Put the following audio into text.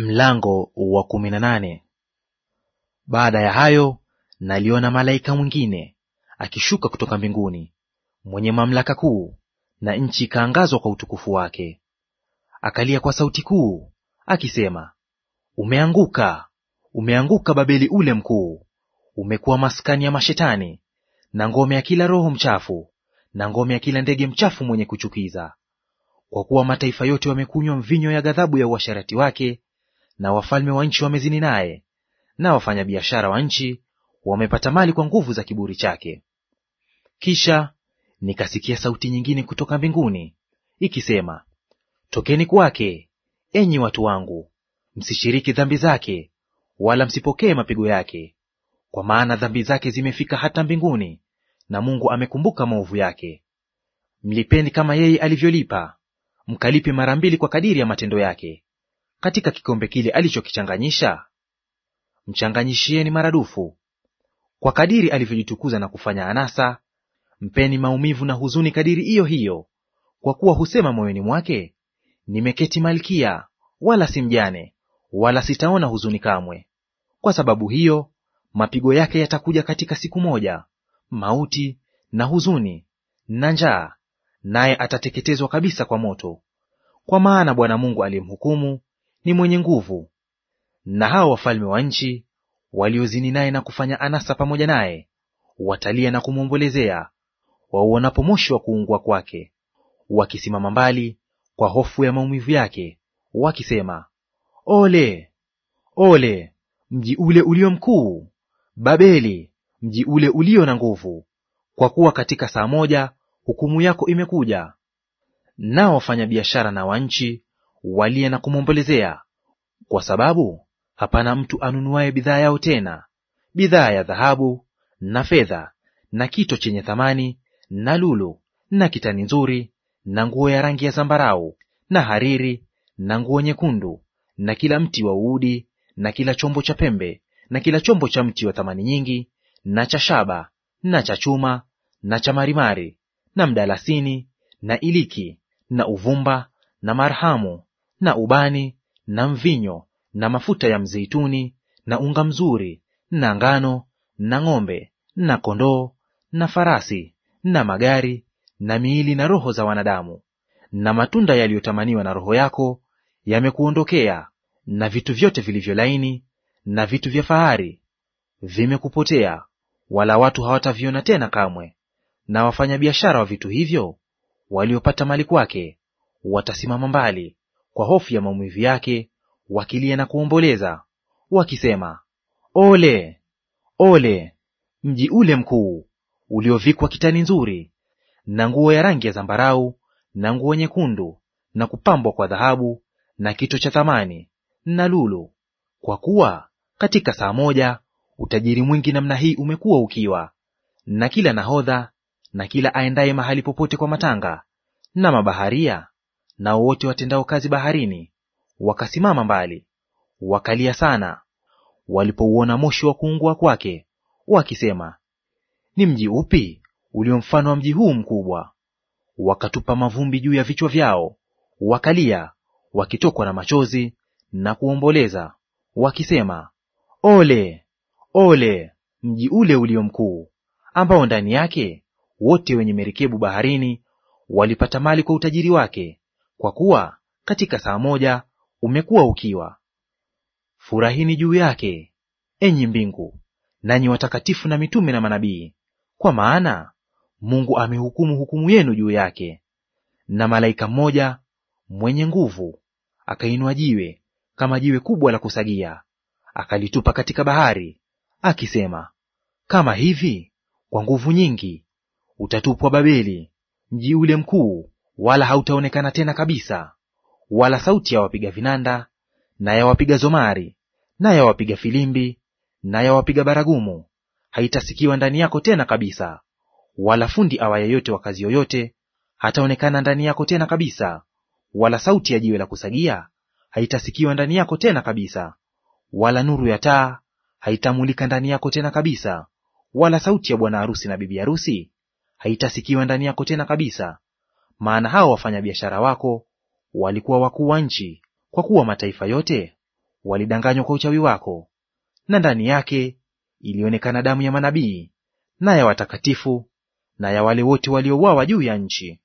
Mlango wa kumi na nane. Baada ya hayo naliona malaika mwingine akishuka kutoka mbinguni, mwenye mamlaka kuu, na nchi ikaangazwa kwa utukufu wake. Akalia kwa sauti kuu akisema, Umeanguka, umeanguka Babeli ule mkuu, umekuwa maskani ya mashetani na ngome ya kila roho mchafu na ngome ya kila ndege mchafu mwenye kuchukiza. Kwa kuwa mataifa yote wamekunywa mvinyo ya ghadhabu ya uasharati wake, na wafalme wa nchi wamezini naye, na wafanyabiashara wa nchi wamepata mali kwa nguvu za kiburi chake. Kisha nikasikia sauti nyingine kutoka mbinguni ikisema, tokeni kwake, enyi watu wangu, msishiriki dhambi zake, wala msipokee mapigo yake, kwa maana dhambi zake zimefika hata mbinguni, na Mungu amekumbuka maovu yake. Mlipeni kama yeye alivyolipa, mkalipe mara mbili kwa kadiri ya matendo yake katika kikombe kile alichokichanganyisha, mchanganyishieni maradufu. Kwa kadiri alivyojitukuza na kufanya anasa, mpeni maumivu na huzuni kadiri iyo hiyo, kwa kuwa husema moyoni mwake, nimeketi malkia, wala si mjane, wala sitaona huzuni kamwe. Kwa sababu hiyo mapigo yake yatakuja katika siku moja, mauti na huzuni na njaa, naye atateketezwa kabisa kwa moto. Kwa maana Bwana Mungu aliyemhukumu ni mwenye nguvu, na hao wafalme wa nchi waliozini naye na kufanya anasa pamoja naye watalia na kumwombolezea wauonapo moshi wa kuungua kwake, wakisimama mbali kwa hofu ya maumivu yake, wakisema, Ole! Ole mji ule ulio mkuu, Babeli, mji ule ulio na nguvu! Kwa kuwa katika saa moja hukumu yako imekuja. Nao biashara na wa nchi walie na kumwombolezea, kwa sababu hapana mtu anunuaye bidhaa yao tena, bidhaa ya dhahabu na fedha na kito chenye thamani na lulu na kitani nzuri na nguo ya rangi ya zambarau na hariri na nguo nyekundu na kila mti wa uudi na kila chombo cha pembe na kila chombo cha mti wa thamani nyingi na cha shaba na cha chuma na cha marimari na mdalasini na iliki na uvumba na marhamu na ubani na mvinyo na mafuta ya mzeituni na unga mzuri na ngano na ng'ombe na kondoo na farasi na magari na miili na roho za wanadamu na matunda yaliyotamaniwa na roho yako yamekuondokea, na vitu vyote vilivyo laini na vitu vya fahari vimekupotea, wala watu hawataviona tena kamwe. Na wafanyabiashara wa vitu hivyo waliopata mali kwake watasimama mbali, kwa hofu ya maumivu yake, wakilia na kuomboleza wakisema, ole ole, mji ule mkuu uliovikwa kitani nzuri na nguo ya rangi ya zambarau na nguo nyekundu na kupambwa kwa dhahabu na kito cha thamani na lulu, kwa kuwa katika saa moja utajiri mwingi namna hii umekuwa ukiwa na kila nahodha na kila aendaye mahali popote kwa matanga na mabaharia nao wote watendao kazi baharini wakasimama mbali, wakalia sana, walipouona moshi wa kuungua kwake, wakisema, ni mji upi ulio mfano wa mji huu mkubwa? Wakatupa mavumbi juu ya vichwa vyao, wakalia wakitokwa na machozi na kuomboleza, wakisema, ole ole, mji ule ulio mkuu, ambao ndani yake wote wenye merikebu baharini walipata mali kwa utajiri wake, kwa kuwa katika saa moja umekuwa ukiwa. Furahini juu yake, enyi mbingu, nanyi watakatifu na mitume na manabii, kwa maana Mungu amehukumu hukumu yenu juu yake. Na malaika mmoja mwenye nguvu akainua jiwe kama jiwe kubwa la kusagia, akalitupa katika bahari, akisema, kama hivi kwa nguvu nyingi utatupwa Babeli, mji ule mkuu wala hautaonekana tena kabisa, wala sauti ya wapiga vinanda na ya wapiga zomari na ya wapiga filimbi na ya wapiga baragumu haitasikiwa ndani yako tena kabisa, wala fundi awa yote wa kazi yoyote hataonekana ndani yako tena kabisa, wala sauti ya jiwe la kusagia haitasikiwa ndani yako tena kabisa, wala nuru ya taa haitamulika ndani yako tena kabisa, wala sauti ya bwana harusi na bibi harusi haitasikiwa ndani yako tena kabisa, maana hao wafanyabiashara wako walikuwa wakuu wa nchi, kwa kuwa mataifa yote walidanganywa kwa uchawi wako. Na ndani yake ilionekana damu ya manabii na ya watakatifu na ya wale wote waliouawa juu ya nchi.